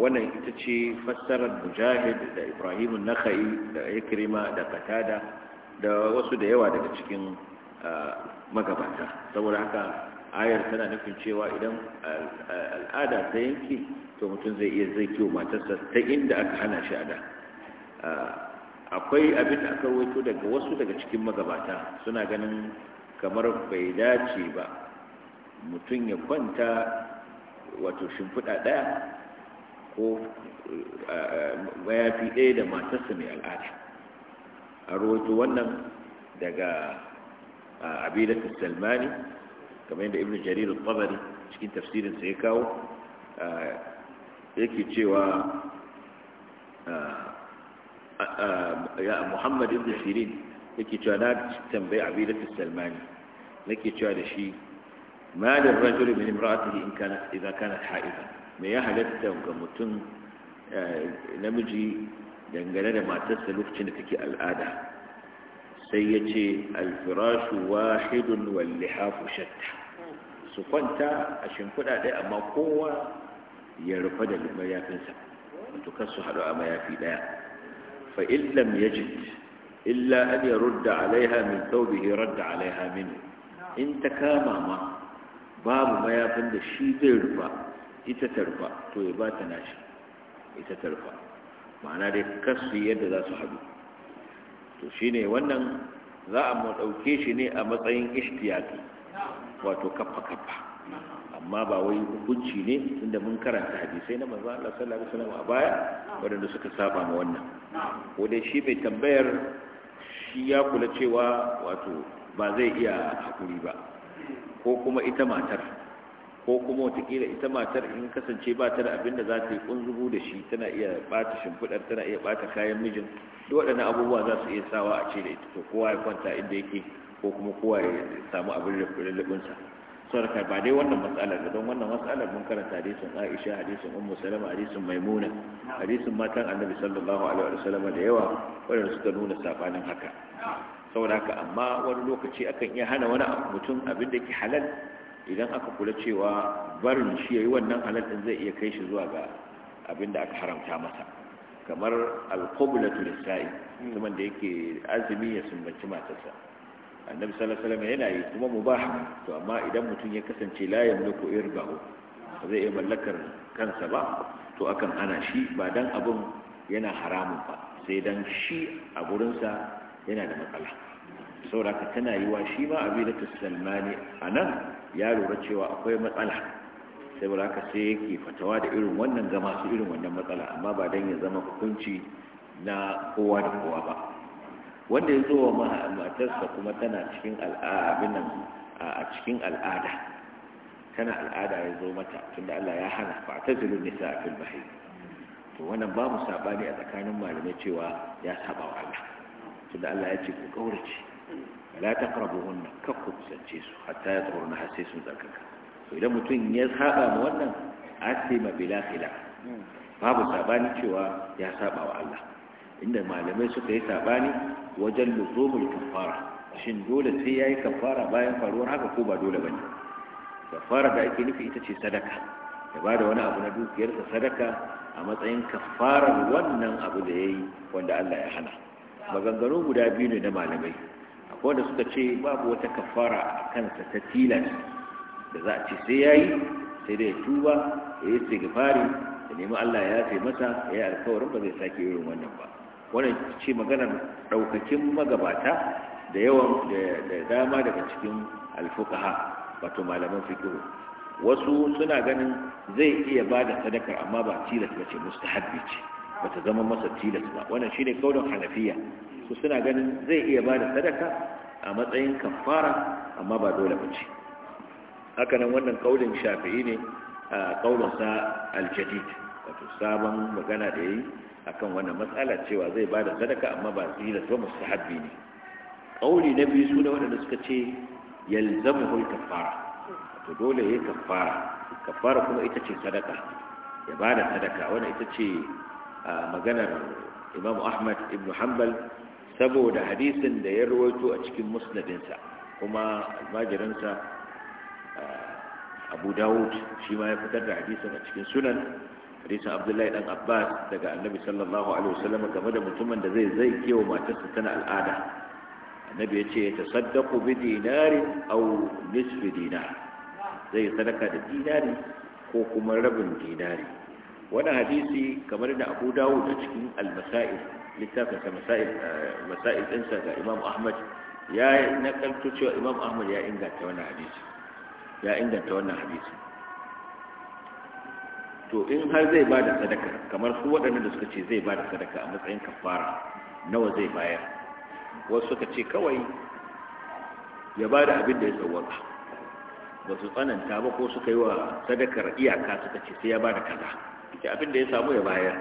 wannan ita ce fassarar mujahid da ibrahim nakhai da ikrima da qatada da wasu da yawa daga cikin ah, magabata saboda haka ayar tana nufin cewa idan ah, al'ada ta yanki to mutum zai iya zai kiwo matarsa ta inda aka hana shi ada ah, akwai abin da aka rawaito daga wasu daga cikin magabata suna ganin kamar bai dace ba mutum ya kwanta wato shimfiɗa ɗaya ko bayafi ɗaya da matarsa mai al'ada a rawaito wannan daga abidat salmani kamar yadda ibn jarir al-tabari cikin tafsirin sa ya kawo yake cewa ya muhammad ibn sirin yake cewa na tambayi abidat salmani nake cewa da shi ma da rajul min imra'atihi in kanat idza kanat ha'iza me ya halatta ga mutum eh, namiji dangane da matarsa lokacin da take al'ada sai ya ce alfirashu wahidun wallihafu shatta su kwanta a shimfiɗa ɗaya amma kowa ya rufa da mayafinsa wato kan su haɗu a mayafi ɗaya fa illam yajid illa an ya rudda alaiha min thawbihi radda alaiha min in ta kama ma babu mayafin da shi zai rufa ita ta rufa to ya ba ta nashi ita ta rufa ma'ana dai kasu yadda za su haɗu to shi ne wannan za a maɗauke ɗauke shi ne a matsayin ishtiyaki wato kafa kafa amma ba wai hukunci ne inda mun karanta hadisai na manzo Allah sallallahu alaihi wasallam a baya waɗanda suka saba ma wannan ko dai shi mai tambayar shi ya kula cewa wato ba zai iya hakuri ba ko kuma ita matar ko kuma watakila ita matar in kasance ba ta da abinda za ta yi kunzugu da shi tana iya ɓata shimfiɗar tana iya ɓata kayan mijin duk waɗannan abubuwa za su iya sawa a ce da ita to kowa ya kwanta inda yake ko kuma kowa ya samu abin lullubinsa sarka ba dai wannan matsalar da don wannan matsalar mun karanta hadisin Aisha hadisin Ummu Salama hadisin Maimuna hadisin matan Annabi sallallahu alaihi wasallam da yawa wanda suka nuna sabanin haka saboda haka amma wani lokaci akan iya hana wani mutum abin da ke halal idan aka kula cewa barin shi yayi wannan halal zai iya kai shi zuwa ga abinda aka haramta masa kamar alqublatu lisa'i kuma da yake azumi ya sumbaci matarsa annabi sallallahu yana yi kuma mubah to amma idan mutum ya kasance layin yamliku irbahu ba zai iya mallakar kansa ba to akan hana shi ba dan abun yana haramun ba sai dan shi a gurinsa yana da matsala saboda haka tana yi wa shi ma abidatu salmani nan. ya lura cewa akwai matsala sai ba ka sai yake fatawa da irin wannan ga masu irin wannan matsala amma ba don ya zama hukunci na kowa da kowa ba wanda ya zo wa matarsa kuma tana cikin al'ada a cikin al'ada tana al'ada ya zo mata tunda Allah ya hana fa ta zilu nisa a fil bahi to wannan ba mu babu ne a tsakanin malamai cewa ya saba wa Allah tunda Allah ya ce ku kaurace la taqrabuhunna ka ku kusance su hatta ya tsoro na hasse sun tsarkaka to idan mutum ya saba ma wannan asima bila khilaf babu sabani cewa ya saba wa Allah inda malamai suka yi sabani wajen luzumul kafara shin dole sai yayi kafara bayan faruwar haka ko ba dole bane kafara da ake nufi ita ce sadaka ya bada wani abu na dukiyarsa sadaka a matsayin kafarar wannan abu da yayi wanda Allah ya hana maganganu guda biyu ne na malamai wanda suka ce babu wata kafara a kansa ta tilas da za a ce sai ya yi sai dai ya tuba ya yi sigifari da nemi Allah ya yafe masa ya yi alkawarin ba zai sake irin wannan ba wannan ce maganar ɗaukakin magabata da yawan da dama daga cikin alfukaha wato malaman fikihu wasu suna ganin zai iya ba da sadakar amma ba tilas ba ce mustahabbi ce ba ta zama masa tilas ba wannan shine kaulin hanafiya su suna ganin zai iya ba da sadaka a matsayin kafara amma ba dole ba ce hakanan wannan kaulin shafi'i ne a kaulinsa aljadid wato sabon magana da ya yi akan wannan matsala cewa zai ba da sadaka amma ba zila ba mustahabbi ne kauli na biyu su da waɗanda suka ce yalzamuhul kafara Wato dole ya kafara kafara kuma ita ce sadaka ya ba da sadaka wannan ita ce maganar imamu ahmad ibn hanbal saboda hadisin da ya rawaito a cikin musnadinsa kuma almajirinsa ah, abu dawud shi ma ya fitar da hadisin a cikin sunan hadisin abdullahi dan abbas daga annabi sallallahu alaihi wasallam game da mutumin da zai zai kewa matarsa tana al'ada annabi ya ce ya tasaddaqu bi dinarin aw nisfi dinar zai sadaka da dinari ko kuma rabin dinari wannan hadisi kamar da abu dawud a cikin al-masail littafin sa masail eh, masail din sa ga Imam Ahmad ya nakalto cewa Imam Ahmad ya inganta wannan hadisi ya inganta wannan hadisi to in har zai ba da sadaka kamar su waɗannan da suka ce zai ba da sadaka a matsayin kafara nawa zai bayar wasu suka ce kawai ya ba da abin da ya tsawaka ba su tsananta ba ko suka yi wa sadakar iyaka suka ce sai ya ba da kaza ita abin da ya samu ya bayar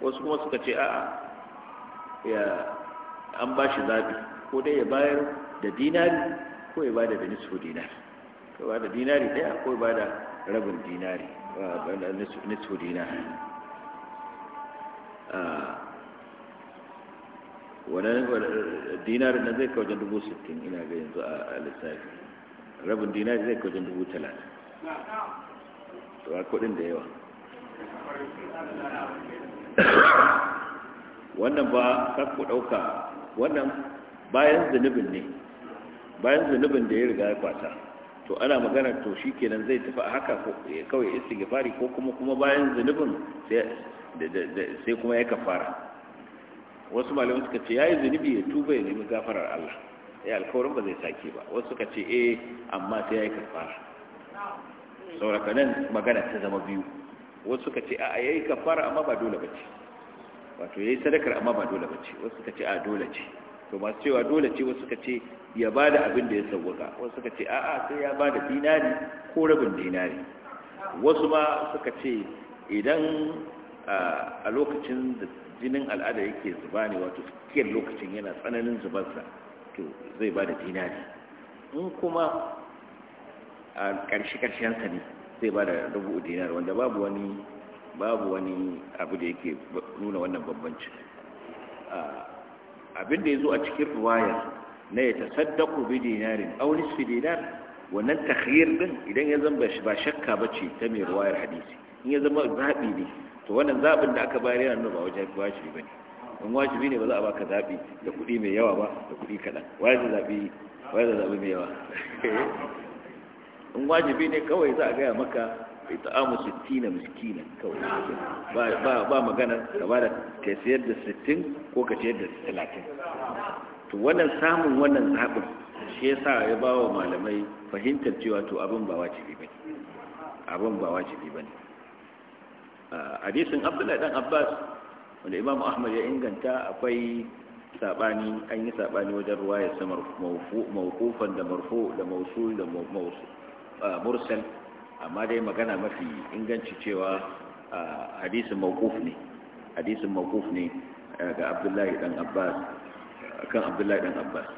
wasu kuma suka ce a'a an ba shi zaɓi ko dai ya bayar da dinari ko ya bada da nisfu dinari ko ya bada dinari ɗaya ko ya bada rabin dinari nisfu dinari wannan dinarin na zai kawajen dubu sittin ina ga yanzu a lissafi rabin dinari zai kawajen dubu talatin to a da yawa wannan ba kar ku ɗauka wannan bayan zunubin ne bayan zunubin da ya riga ya kwata to ana magana to shi kenan zai tafi a haka kawai istighfari ko kuma kuma bayan zunubin sai kuma ya kafara wasu malamai suka ce yayi zunubi ya tuba ya nemi gafarar Allah ya eh, alkawarin ba zai sake ba wasu suka ce eh amma sai yayi kafara saboda nan magana ta zama biyu wasu suka ce a yayi kafara amma ba dole ba ce wato yayi sadakar amma ba dole bace wasu suka ce a dole ce to ba su cewa dole ce wasu suka ce ya bada abin da ya sauka wasu suka ce a'a sai ya bada dinari ko rabin dinari wasu ma suka ce idan a lokacin da jinin al'ada yake zuba ne wato tsakiyar lokacin yana tsananin zubarsa to zai bada dinari in kuma a ƙarshe sa ne zai bada rubu dinari wanda babu wani babu wani abu da yake nuna wannan bambanci abin da ya zo a cikin ruwaya na ya tasaddaku bi dinarin aw nisfi dinar wannan takhir din idan ya zama ba shakka bace ta mai ruwayar hadisi in ya zama zabi ne to wannan zabin da aka bayar yana nuna ba wajen wajibi bane in wajibi ne ba za a baka zabi da kuɗi mai yawa ba da kuɗi kaɗan wajibi zabi wajibi zabi mai yawa in wajibi ne kawai za a gaya maka amu 60 miskina kawai ba ba ba magana da ka sayar da 60 ko ka sayar da 30 to wannan samun wannan zabin shi ya sa ya ba wa malamai fahimtar cewa to abin ba wajibi ne. abin ba wajibi a hadisin Abdullahi dan Abbas wanda Imam Ahmad ya inganta akwai sabani an yi sabani wajen ya sa mawqufan da marfu da mawsul da mursal amma dai magana mafi inganci cewa hadisin mawquf ne hadisin mawquf ne ga Abdullahi dan Abbas kan Abdullahi dan Abbas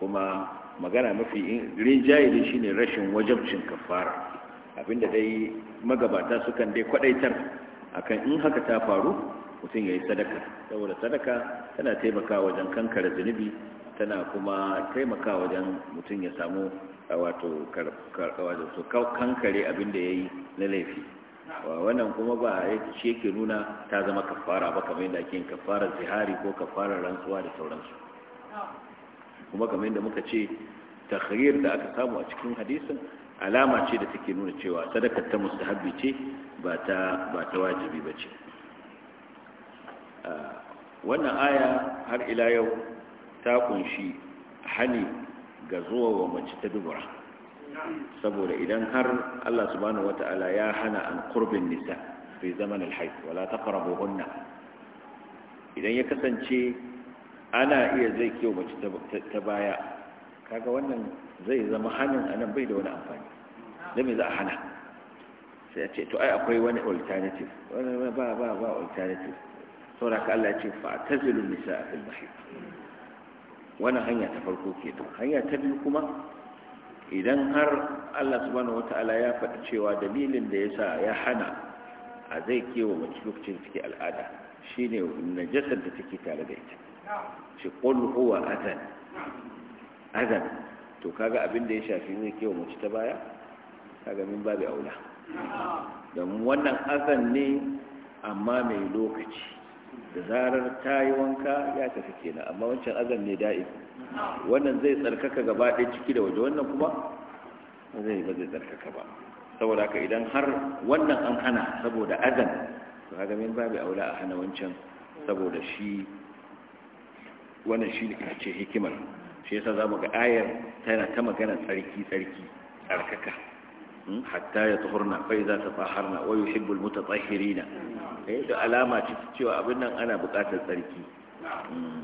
kuma magana mafi rinjaye shine rashin wajabcin kafara abinda dai magabata sukan dai kwadaitar akan in haka ta faru mutum ya yi sadaka saboda sadaka tana taimaka wajen kankare zunubi tana kuma taimaka wajen mutum ya samu wato kankare abin da ya yi na laifi wannan kuma ba ce ke nuna ta zama kafara ba kamar yadda ake yin kafarar zihari ko kafarar rantsuwa da sauransu kuma kamar yadda muka ce takhrir da aka samu a cikin hadisin alama ce da take nuna cewa sadakar ta mustahabbi ce ba ta ba ta wajibi ba ce wannan aya har ila yau ta kunshi hani ga zuwa wa mace ta dubura saboda idan har Allah subhanahu wata'ala ya hana an qurbin nisa fi zaman al wala wala taqrabuhunna idan ya kasance ana iya zai kiyo mace ta baya kaga wannan zai zama hanin anan bai da wani amfani dan za a hana sai ya ce to ai akwai wani alternative wani ba ba ba alternative saboda ka Allah ya ce fa tazilu nisa fil mahid wannan hanya ta farko ke ta hanya ta biyu kuma idan har Allah subhanahu wata'ala ya faɗi cewa dalilin da ya sa ya hana a zai kewa mace lokacin suke al'ada shi shine najasar da take tare da ita shi ƙulhuwa azan azan to kaga abin da ya shafi zai kewa mace ta baya kaga min babu aula don wannan azan ne amma mai lokaci da zarar ta yi wanka ya tafi kenan amma wancan azan ne da'im wannan zai tsarkaka gaba ɗaya ciki da waje wannan kuma zai ba zai tsarkaka ba saboda haka idan har wannan an hana saboda azan to kaga min babu aula a hana wancan saboda shi wannan shi ne ce hikimar shi yasa zamu ga ayar tana ta magana tsarki tsarki tsarkaka حتى يطهرنا فإذا تطهرنا ويحب المتطهرين إيه علامة تشوى أبنا أنا بقات الثريكي نعم.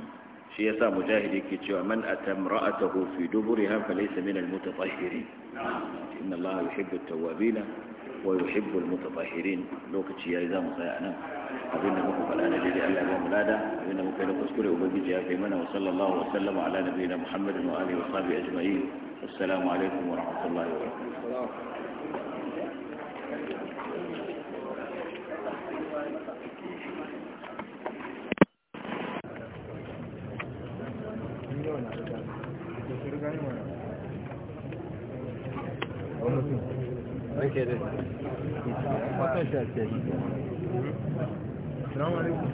شيء مجاهد كتشوى من أتى امرأته في دبرها فليس من المتطهرين نعم. إن الله يحب التوابين ويحب المتطهرين لو كتشيا إذا مصيعنا أبنا مكو فلا نجد ألا هو ملادة أبنا مكو نقذكر أبنجي أفهمنا وصلى الله وسلم على نبينا محمد وآله وصحبه أجمعين السلام عليكم ورحمة الله وبركاته Okay then. What that say? Hmm? Assalamu alaikum.